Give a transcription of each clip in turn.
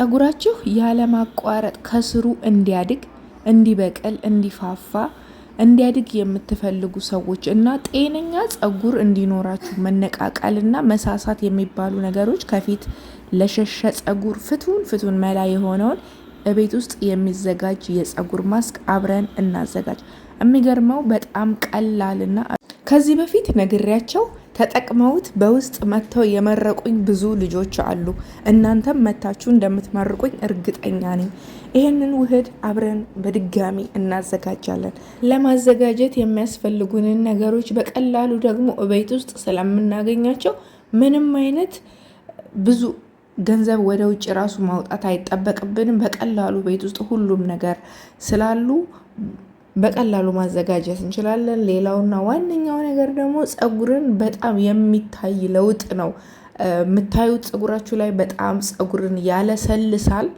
ፀጉራችሁ ያለማቋረጥ ከስሩ እንዲያድግ፣ እንዲበቅል፣ እንዲፋፋ እንዲያድግ የምትፈልጉ ሰዎች እና ጤነኛ ፀጉር እንዲኖራችሁ መነቃቀልና መሳሳት የሚባሉ ነገሮች ከፊት ለሸሸ ፀጉር ፍቱን ፍቱን መላ የሆነውን እቤት ውስጥ የሚዘጋጅ የፀጉር ማስክ አብረን እናዘጋጅ። የሚገርመው በጣም ቀላልና ከዚህ በፊት ነግሬያቸው ተጠቅመውት በውስጥ መጥተው የመረቁኝ ብዙ ልጆች አሉ። እናንተም መታችሁ እንደምትመርቁኝ እርግጠኛ ነኝ። ይህንን ውህድ አብረን በድጋሚ እናዘጋጃለን። ለማዘጋጀት የሚያስፈልጉንን ነገሮች በቀላሉ ደግሞ እቤት ውስጥ ስለምናገኛቸው ምንም አይነት ብዙ ገንዘብ ወደ ውጭ ራሱ ማውጣት አይጠበቅብንም። በቀላሉ ቤት ውስጥ ሁሉም ነገር ስላሉ በቀላሉ ማዘጋጀት እንችላለን። ሌላውና ዋነኛው ነገር ደግሞ ፀጉርን በጣም የሚታይ ለውጥ ነው። የምታዩት ፀጉራችሁ ላይ በጣም ፀጉርን ያለሰልሳል።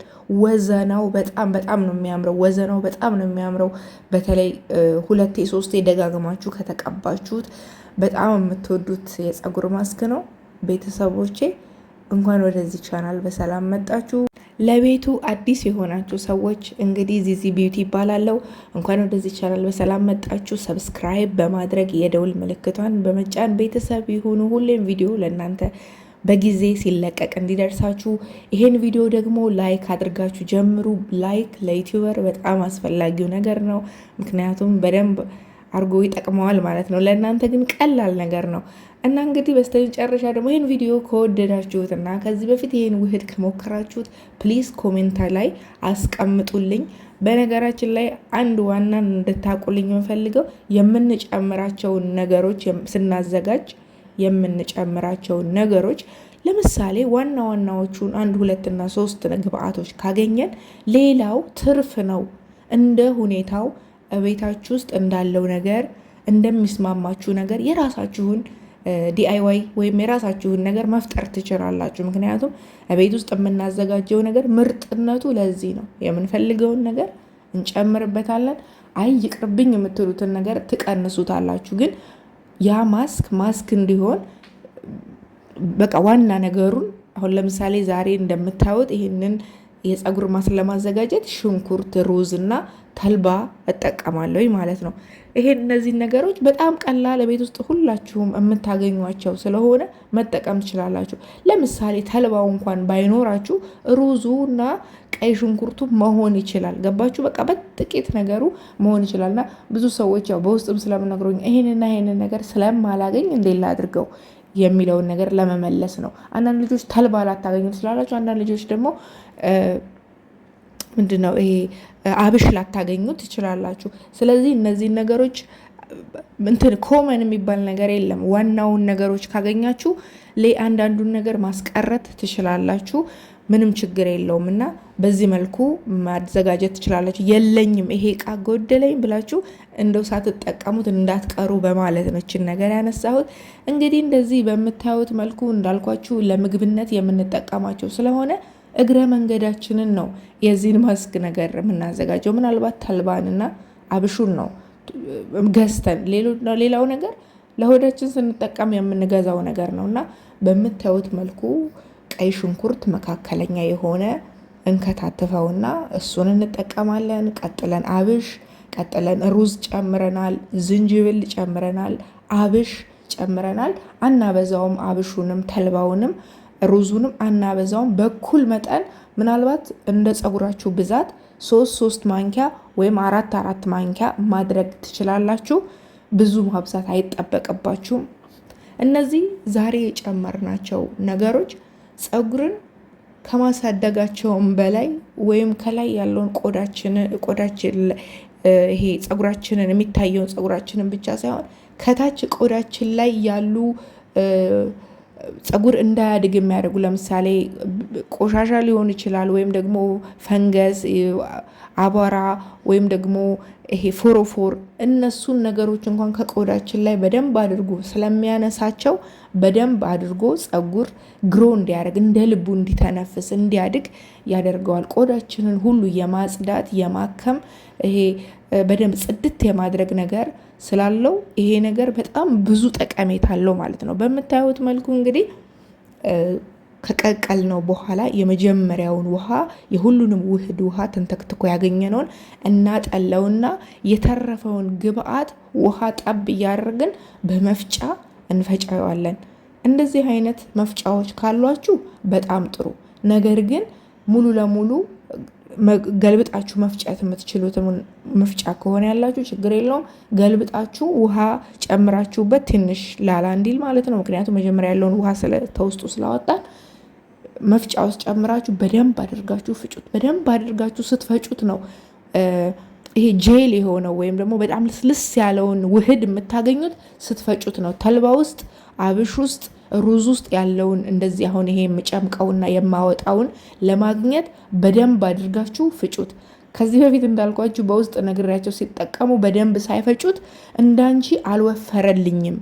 ወዘናው በጣም በጣም ነው የሚያምረው። ወዘናው በጣም ነው የሚያምረው። በተለይ ሁለቴ ሶስቴ ደጋግማችሁ ከተቀባችሁት በጣም የምትወዱት የፀጉር ማስክ ነው ቤተሰቦቼ። እንኳን ወደዚህ ቻናል በሰላም መጣችሁ። ለቤቱ አዲስ የሆናችሁ ሰዎች እንግዲህ ዚዚ ቢዩቲ ይባላለው። እንኳን ወደዚህ ቻናል በሰላም መጣችሁ። ሰብስክራይብ በማድረግ የደውል ምልክቷን በመጫን ቤተሰብ የሆኑ ሁሌም ቪዲዮ ለእናንተ በጊዜ ሲለቀቅ እንዲደርሳችሁ ይሄን ቪዲዮ ደግሞ ላይክ አድርጋችሁ ጀምሩ። ላይክ ለዩቲዩበር በጣም አስፈላጊው ነገር ነው። ምክንያቱም በደንብ አድርጎ ይጠቅመዋል ማለት ነው። ለእናንተ ግን ቀላል ነገር ነው እና እንግዲህ በስተመጨረሻ ደግሞ ይህን ቪዲዮ ከወደዳችሁት እና ከዚህ በፊት ይህን ውህድ ከሞከራችሁት ፕሊዝ ኮሜንት ላይ አስቀምጡልኝ። በነገራችን ላይ አንድ ዋና እንድታቁልኝ የምፈልገው የምንጨምራቸውን ነገሮች ስናዘጋጅ የምንጨምራቸውን ነገሮች ለምሳሌ ዋና ዋናዎቹን አንድ ሁለትና ሶስት ግብአቶች ካገኘን ሌላው ትርፍ ነው እንደ ሁኔታው ቤታችሁ ውስጥ እንዳለው ነገር እንደሚስማማችሁ ነገር የራሳችሁን ዲአይዋይ ወይም የራሳችሁን ነገር መፍጠር ትችላላችሁ። ምክንያቱም ቤት ውስጥ የምናዘጋጀው ነገር ምርጥነቱ ለዚህ ነው። የምንፈልገውን ነገር እንጨምርበታለን። አይ ይቅርብኝ የምትሉትን ነገር ትቀንሱታላችሁ። ግን ያ ማስክ ማስክ እንዲሆን በቃ ዋና ነገሩን አሁን ለምሳሌ ዛሬ እንደምታወጥ ይህንን የፀጉር ማስ ለማዘጋጀት ሽንኩርት፣ ሩዝ እና ተልባ እጠቀማለሁ ማለት ነው። ይሄን እነዚህን ነገሮች በጣም ቀላል ቤት ውስጥ ሁላችሁም የምታገኟቸው ስለሆነ መጠቀም ትችላላችሁ። ለምሳሌ ተልባው እንኳን ባይኖራችሁ ሩዙ እና ቀይ ሽንኩርቱ መሆን ይችላል። ገባችሁ? በቃ በጥቂት ነገሩ መሆን ይችላል እና ብዙ ሰዎች ያው በውስጥም ስለምነግሩኝ ይሄንና ይሄንን ነገር ስለማላገኝ እንዴላ አድርገው የሚለውን ነገር ለመመለስ ነው። አንዳንድ ልጆች ተልባ ላታገኙም ስላላቸው አንዳንድ ልጆች ደግሞ ምንድን ነው ይሄ አብሽ ላታገኙ ትችላላችሁ። ስለዚህ እነዚህን ነገሮች እንትን ኮመን የሚባል ነገር የለም። ዋናውን ነገሮች ካገኛችሁ አንዳንዱን ነገር ማስቀረት ትችላላችሁ። ምንም ችግር የለውም እና በዚህ መልኩ ማዘጋጀት ትችላላችሁ። የለኝም ይሄ እቃ ጎደለኝ ብላችሁ እንደው ሳትጠቀሙት እንዳትቀሩ በማለት ነችን ነገር ያነሳሁት። እንግዲህ እንደዚህ በምታዩት መልኩ እንዳልኳችሁ ለምግብነት የምንጠቀማቸው ስለሆነ እግረ መንገዳችንን ነው የዚህን ማስክ ነገር የምናዘጋጀው። ምናልባት ተልባንና አብሹን ነው ገዝተን ሌላው ነገር ለሆዳችን ስንጠቀም የምንገዛው ነገር ነው እና በምታዩት መልኩ ቀይ ሽንኩርት መካከለኛ የሆነ እና እሱን እንጠቀማለን። ቀጥለን አብሽ፣ ቀጥለን ሩዝ ጨምረናል፣ ዝንጅብል ጨምረናል፣ አብሽ ጨምረናል። አናበዛውም። አብሹንም ተልባውንም ሩዙንም አናበዛውም። በኩል መጠን ምናልባት እንደ ፀጉራችሁ ብዛት ሶስት ሶስት ማንኪያ ወይም አራት አራት ማንኪያ ማድረግ ትችላላችሁ። ብዙ ማብዛት አይጠበቅባችሁም። እነዚህ ዛሬ የጨመርናቸው ነገሮች ፀጉርን ከማሳደጋቸውም በላይ ወይም ከላይ ያለውን ቆዳችንን ቆዳችን ይሄ የሚታየውን ፀጉራችንን ብቻ ሳይሆን ከታች ቆዳችን ላይ ያሉ ፀጉር እንዳያድግ የሚያደርጉ ለምሳሌ ቆሻሻ ሊሆን ይችላል፣ ወይም ደግሞ ፈንገስ፣ አቧራ ወይም ደግሞ ይሄ ፎሮፎር እነሱን ነገሮች እንኳን ከቆዳችን ላይ በደንብ አድርጎ ስለሚያነሳቸው በደንብ አድርጎ ጸጉር ግሮ እንዲያደርግ እንደ ልቡ እንዲተነፍስ እንዲያድግ ያደርገዋል። ቆዳችንን ሁሉ የማጽዳት የማከም ይሄ በደንብ ጽድት የማድረግ ነገር ስላለው ይሄ ነገር በጣም ብዙ ጠቀሜታ አለው ማለት ነው። በምታዩት መልኩ እንግዲህ ከቀቀል ነው በኋላ የመጀመሪያውን ውሃ የሁሉንም ውህድ ውሃ ተንተክትኮ ያገኘነውን እናጠለውና የተረፈውን ግብአት ውሃ ጠብ እያደረግን በመፍጫ እንፈጫዋለን። እንደዚህ አይነት መፍጫዎች ካሏችሁ በጣም ጥሩ። ነገር ግን ሙሉ ለሙሉ ገልብጣችሁ መፍጨት የምትችሉት መፍጫ ከሆነ ያላችሁ ችግር የለውም። ገልብጣችሁ ውሃ ጨምራችሁበት ትንሽ ላላ እንዲል ማለት ነው። ምክንያቱም መጀመሪያ ያለውን ውሃ ተውስጡ ስላወጣን መፍጫ ውስጥ ጨምራችሁ በደንብ አድርጋችሁ ፍጩት። በደንብ አድርጋችሁ ስትፈጩት ነው ይሄ ጄል የሆነው ወይም ደግሞ በጣም ልስልስ ያለውን ውህድ የምታገኙት ስትፈጩት ነው። ተልባ ውስጥ፣ አብሽ ውስጥ፣ ሩዝ ውስጥ ያለውን እንደዚህ አሁን ይሄ የምጨምቀውና የማወጣውን ለማግኘት በደንብ አድርጋችሁ ፍጩት። ከዚህ በፊት እንዳልኳችሁ በውስጥ ነግሬያቸው ሲጠቀሙ በደንብ ሳይፈጩት እንዳንቺ አልወፈረልኝም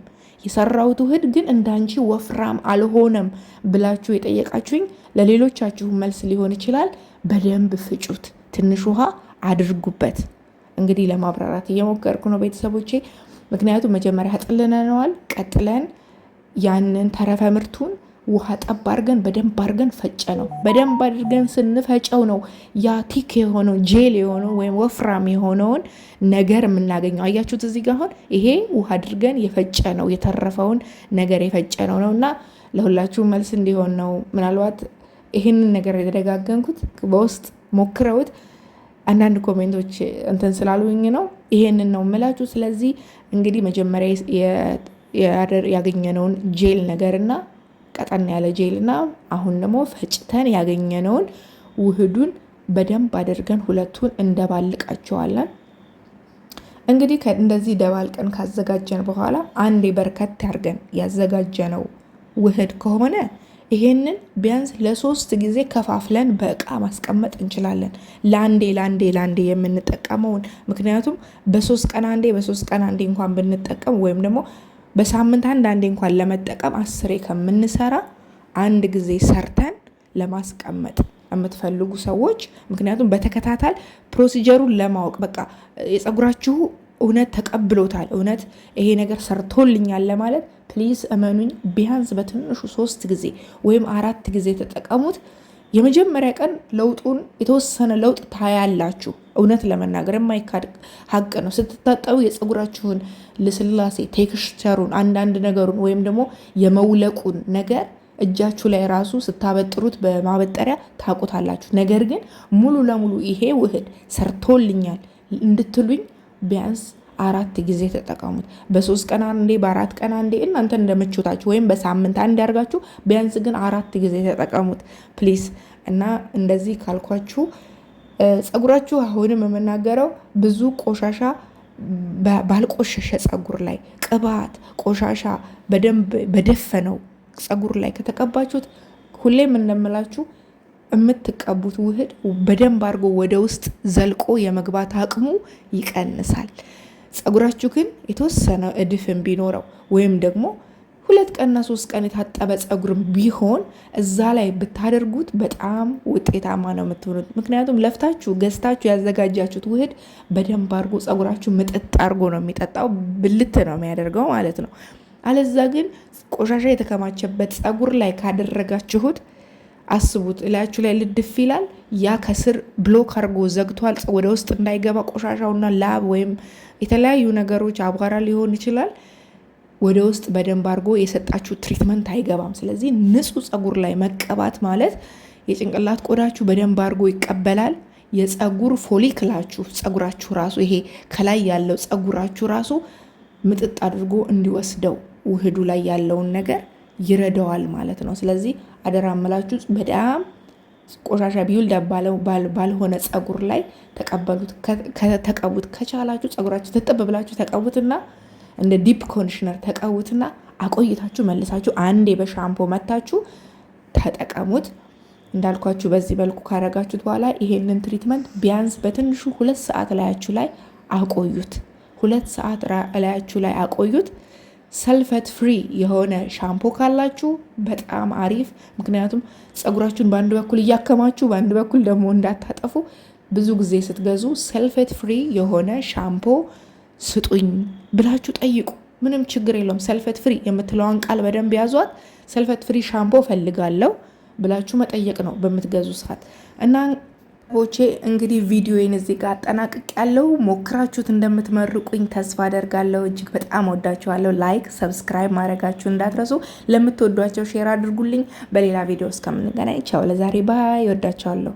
የሰራሁት ውህድ ግን እንዳንቺ ወፍራም አልሆነም ብላችሁ የጠየቃችሁኝ ለሌሎቻችሁ መልስ ሊሆን ይችላል። በደንብ ፍጩት፣ ትንሽ ውሃ አድርጉበት። እንግዲህ ለማብራራት እየሞከርኩ ነው ቤተሰቦቼ። ምክንያቱም መጀመሪያ አጥልነነዋል። ቀጥለን ያንን ተረፈ ምርቱን ውሃ ጠብ አድርገን በደንብ አድርገን ፈጨ ነው። በደንብ አድርገን ስንፈጨው ነው ያ ቲክ የሆነው ጄል የሆነው ወይም ወፍራም የሆነውን ነገር የምናገኘው። አያችሁት? እዚህ ጋር አሁን ይሄ ውሃ አድርገን የፈጨ ነው የተረፈውን ነገር የፈጨ ነው ነው እና ለሁላችሁ መልስ እንዲሆን ነው። ምናልባት ይህንን ነገር የተደጋገንኩት በውስጥ ሞክረውት አንዳንድ ኮሜንቶች እንትን ስላሉኝ ነው ይሄንን ነው የምላችሁ። ስለዚህ እንግዲህ መጀመሪያ ያገኘነውን ጄል ነገር እና ቀጠን ያለ ጄል እና አሁን ደግሞ ፈጭተን ያገኘነውን ውህዱን በደንብ አድርገን ሁለቱን እንደባልቃቸዋለን። እንግዲህ እንደዚህ ደባልቀን ካዘጋጀን በኋላ አንዴ በርከት ያርገን ያዘጋጀነው ውህድ ከሆነ ይሄንን ቢያንስ ለሶስት ጊዜ ከፋፍለን በእቃ ማስቀመጥ እንችላለን። ለአንዴ ለአንዴ ለአንዴ የምንጠቀመውን ምክንያቱም በሶስት ቀን አንዴ በሶስት ቀን አንዴ እንኳን ብንጠቀም ወይም ደግሞ በሳምንት አንዳንዴ እንኳን ለመጠቀም አስሬ ከምንሰራ አንድ ጊዜ ሰርተን ለማስቀመጥ የምትፈልጉ ሰዎች ምክንያቱም በተከታታይ ፕሮሲጀሩን ለማወቅ በቃ የፀጉራችሁ እውነት ተቀብሎታል፣ እውነት ይሄ ነገር ሰርቶልኛል ለማለት ፕሊዝ እመኑኝ፣ ቢያንስ በትንሹ ሶስት ጊዜ ወይም አራት ጊዜ ተጠቀሙት። የመጀመሪያ ቀን ለውጡን የተወሰነ ለውጥ ታያላችሁ። እውነት ለመናገር የማይካድ ሀቅ ነው። ስትታጠቡ የፀጉራችሁን ልስላሴ ቴክስቸሩን፣ አንዳንድ ነገሩን ወይም ደግሞ የመውለቁን ነገር እጃችሁ ላይ ራሱ ስታበጥሩት በማበጠሪያ ታቁታላችሁ። ነገር ግን ሙሉ ለሙሉ ይሄ ውህድ ሰርቶልኛል እንድትሉኝ ቢያንስ አራት ጊዜ ተጠቀሙት። በሶስት ቀን አንዴ፣ በአራት ቀን አንዴ እናንተ እንደምቾታችሁ ወይም በሳምንት አንድ ያርጋችሁ፣ ቢያንስ ግን አራት ጊዜ ተጠቀሙት ፕሊስ። እና እንደዚህ ካልኳችሁ ፀጉራችሁ አሁንም የምናገረው ብዙ ቆሻሻ ባልቆሸሸ ፀጉር ላይ ቅባት፣ ቆሻሻ በደንብ በደፈነው ፀጉር ላይ ከተቀባችሁት ሁሌም እንደምላችሁ የምትቀቡት ውህድ በደንብ አድርጎ ወደ ውስጥ ዘልቆ የመግባት አቅሙ ይቀንሳል። ፀጉራችሁ ግን የተወሰነ እድፍን ቢኖረው ወይም ደግሞ ሁለት ቀንና ሶስት ቀን የታጠበ ፀጉርም ቢሆን እዛ ላይ ብታደርጉት በጣም ውጤታማ ነው የምትሆኑት። ምክንያቱም ለፍታችሁ ገዝታችሁ ያዘጋጃችሁት ውህድ በደንብ አድርጎ ፀጉራችሁ ምጥጥ አድርጎ ነው የሚጠጣው፣ ብልት ነው የሚያደርገው ማለት ነው። አለዛ ግን ቆሻሻ የተከማቸበት ፀጉር ላይ ካደረጋችሁት አስቡት፣ እላያችሁ ላይ ልድፍ ይላል። ያ ከስር ብሎክ አድርጎ ዘግቷል፣ ወደ ውስጥ እንዳይገባ ቆሻሻውና ላብ ወይም የተለያዩ ነገሮች አቧራ ሊሆን ይችላል ወደ ውስጥ በደንብ አድርጎ የሰጣችሁ ትሪትመንት አይገባም። ስለዚህ ንጹህ ጸጉር ላይ መቀባት ማለት የጭንቅላት ቆዳችሁ በደንብ አድርጎ ይቀበላል። የጸጉር ፎሊክላችሁ ጸጉራችሁ ራሱ ይሄ ከላይ ያለው ጸጉራችሁ ራሱ ምጥጥ አድርጎ እንዲወስደው ውህዱ ላይ ያለውን ነገር ይረዳዋል ማለት ነው። ስለዚህ አደራ ምላችሁ በጣም ቆሻሻ ቢውል ባልሆነ ጸጉር ላይ ተቀበሉት ከተቀቡት ከቻላችሁ ጸጉራችሁ ትጥብ ብላችሁ ተቀቡትና እንደ ዲፕ ኮንዲሽነር ተቀውትና አቆይታችሁ መልሳችሁ አንዴ በሻምፖ መታችሁ ተጠቀሙት። እንዳልኳችሁ በዚህ መልኩ ካረጋችሁት በኋላ ይሄንን ትሪትመንት ቢያንስ በትንሹ ሁለት ሰዓት ላያችሁ ላይ አቆዩት። ሁለት ሰዓት ላያችሁ ላይ አቆዩት። ሰልፈት ፍሪ የሆነ ሻምፖ ካላችሁ በጣም አሪፍ። ምክንያቱም ፀጉራችሁን በአንድ በኩል እያከማችሁ በአንድ በኩል ደግሞ እንዳታጠፉ። ብዙ ጊዜ ስትገዙ ሰልፈት ፍሪ የሆነ ሻምፖ ስጡኝ ብላችሁ ጠይቁ። ምንም ችግር የለውም። ሰልፈት ፍሪ የምትለዋን ቃል በደንብ ያዟት። ሰልፈት ፍሪ ሻምፖ ፈልጋለሁ ብላችሁ መጠየቅ ነው በምትገዙ ሰዓት እና ቦቼ እንግዲህ ቪዲዮዬን እዚህ ጋር አጠናቅቅ ያለው ሞክራችሁት እንደምትመርቁኝ ተስፋ አደርጋለሁ። እጅግ በጣም ወዳችኋለሁ። ላይክ፣ ሰብስክራይብ ማድረጋችሁ እንዳትረሱ። ለምትወዷቸው ሼር አድርጉልኝ። በሌላ ቪዲዮ እስከምንገናኝ ቻው። ለዛሬ ባይ። ወዳችኋለሁ።